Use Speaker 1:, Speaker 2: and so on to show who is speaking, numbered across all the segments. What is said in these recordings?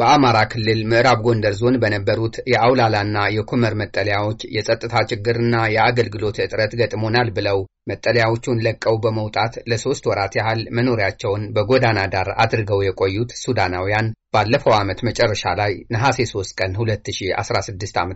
Speaker 1: በአማራ ክልል ምዕራብ ጎንደር ዞን በነበሩት የአውላላና የኩመር መጠለያዎች የጸጥታ ችግርና የአገልግሎት እጥረት ገጥሞናል ብለው መጠለያዎቹን ለቀው በመውጣት ለሶስት ወራት ያህል መኖሪያቸውን በጎዳና ዳር አድርገው የቆዩት ሱዳናውያን ባለፈው ዓመት መጨረሻ ላይ ነሐሴ 3 ቀን 2016 ዓ ም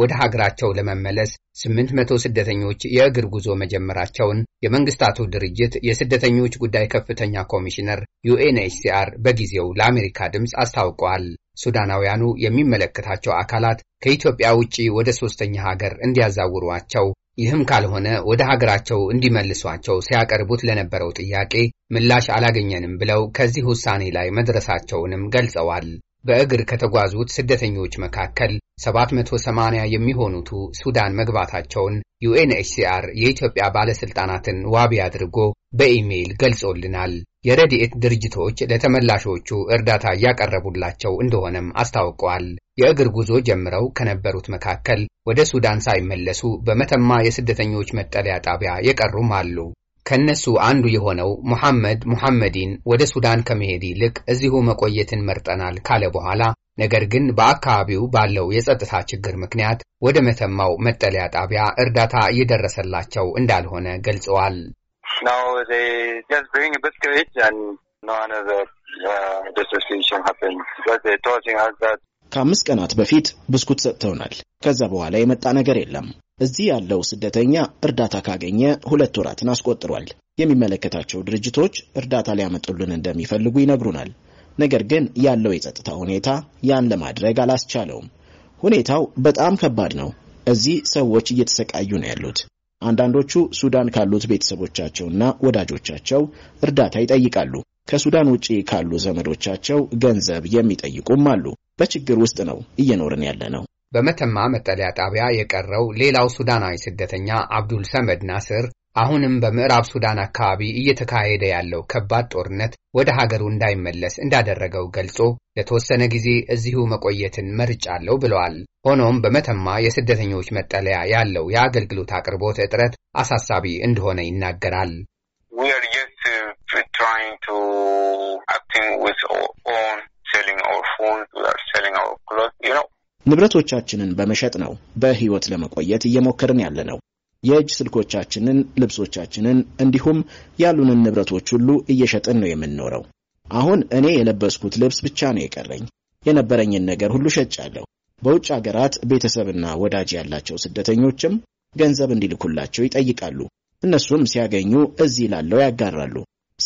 Speaker 1: ወደ ሀገራቸው ለመመለስ 800 ስደተኞች የእግር ጉዞ መጀመራቸውን የመንግስታቱ ድርጅት የስደተኞች ጉዳይ ከፍተኛ ኮሚሽነር ዩኤንኤችሲአር በጊዜው ለአሜሪካ ድምፅ አስታውቀዋል። ሱዳናውያኑ የሚመለከታቸው አካላት ከኢትዮጵያ ውጪ ወደ ሶስተኛ ሀገር እንዲያዛውሯቸው ይህም ካልሆነ ወደ ሀገራቸው እንዲመልሷቸው ሲያቀርቡት ለነበረው ጥያቄ ምላሽ አላገኘንም ብለው ከዚህ ውሳኔ ላይ መድረሳቸውንም ገልጸዋል። በእግር ከተጓዙት ስደተኞች መካከል 780 የሚሆኑቱ ሱዳን መግባታቸውን ዩኤንኤችሲአር የኢትዮጵያ ባለሥልጣናትን ዋቢ አድርጎ በኢሜይል ገልጾልናል። የረድኤት ድርጅቶች ለተመላሾቹ እርዳታ እያቀረቡላቸው እንደሆነም አስታውቀዋል። የእግር ጉዞ ጀምረው ከነበሩት መካከል ወደ ሱዳን ሳይመለሱ በመተማ የስደተኞች መጠለያ ጣቢያ የቀሩም አሉ። ከነሱ አንዱ የሆነው ሙሐመድ ሙሐመዲን ወደ ሱዳን ከመሄድ ይልቅ እዚሁ መቆየትን መርጠናል ካለ በኋላ ነገር ግን በአካባቢው ባለው የጸጥታ ችግር ምክንያት ወደ መተማው መጠለያ ጣቢያ እርዳታ እየደረሰላቸው እንዳልሆነ ገልጸዋል።
Speaker 2: ከአምስት ቀናት በፊት ብስኩት ሰጥተውናል። ከዛ በኋላ የመጣ ነገር የለም። እዚህ ያለው ስደተኛ እርዳታ ካገኘ ሁለት ወራትን አስቆጥሯል። የሚመለከታቸው ድርጅቶች እርዳታ ሊያመጡልን እንደሚፈልጉ ይነግሩናል። ነገር ግን ያለው የጸጥታ ሁኔታ ያን ለማድረግ አላስቻለውም። ሁኔታው በጣም ከባድ ነው። እዚህ ሰዎች እየተሰቃዩ ነው ያሉት። አንዳንዶቹ ሱዳን ካሉት ቤተሰቦቻቸውና ወዳጆቻቸው እርዳታ ይጠይቃሉ። ከሱዳን ውጪ ካሉ ዘመዶቻቸው ገንዘብ የሚጠይቁም አሉ። በችግር ውስጥ ነው እየኖርን ያለ ነው።
Speaker 1: በመተማ መጠለያ ጣቢያ የቀረው ሌላው ሱዳናዊ ስደተኛ አብዱል ሰመድ ናስር አሁንም በምዕራብ ሱዳን አካባቢ እየተካሄደ ያለው ከባድ ጦርነት ወደ ሀገሩ እንዳይመለስ እንዳደረገው ገልጾ ለተወሰነ ጊዜ እዚሁ መቆየትን መርጫለሁ ብለዋል። ሆኖም በመተማ የስደተኞች መጠለያ ያለው የአገልግሎት አቅርቦት እጥረት አሳሳቢ እንደሆነ ይናገራል።
Speaker 2: uh, ንብረቶቻችንን በመሸጥ ነው በህይወት ለመቆየት እየሞከርን ያለ ነው። የእጅ ስልኮቻችንን፣ ልብሶቻችንን እንዲሁም ያሉንን ንብረቶች ሁሉ እየሸጥን ነው የምንኖረው። አሁን እኔ የለበስኩት ልብስ ብቻ ነው የቀረኝ። የነበረኝን ነገር ሁሉ ሸጫለሁ። በውጭ አገራት ቤተሰብና ወዳጅ ያላቸው ስደተኞችም ገንዘብ እንዲልኩላቸው ይጠይቃሉ። እነሱም ሲያገኙ እዚህ ላለው ያጋራሉ።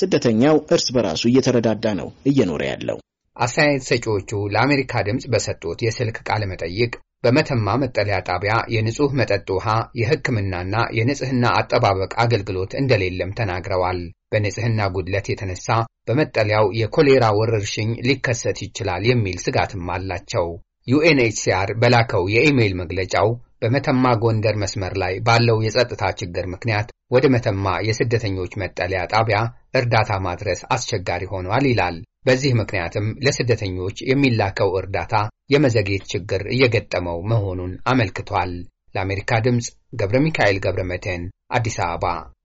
Speaker 2: ስደተኛው እርስ በራሱ እየተረዳዳ ነው እየኖረ ያለው።
Speaker 1: አስተያየት ሰጪዎቹ ለአሜሪካ ድምፅ በሰጡት የስልክ ቃለ መጠይቅ በመተማ መጠለያ ጣቢያ የንጹህ መጠጥ ውሃ የሕክምናና የንጽህና አጠባበቅ አገልግሎት እንደሌለም ተናግረዋል። በንጽህና ጉድለት የተነሳ በመጠለያው የኮሌራ ወረርሽኝ ሊከሰት ይችላል የሚል ስጋትም አላቸው። ዩኤንኤችሲአር በላከው የኢሜይል መግለጫው በመተማ ጎንደር መስመር ላይ ባለው የጸጥታ ችግር ምክንያት ወደ መተማ የስደተኞች መጠለያ ጣቢያ እርዳታ ማድረስ አስቸጋሪ ሆኗል ይላል። በዚህ ምክንያትም ለስደተኞች የሚላከው እርዳታ የመዘግየት ችግር እየገጠመው መሆኑን አመልክቷል። ለአሜሪካ ድምፅ ገብረ ሚካኤል ገብረ አዲስ አበባ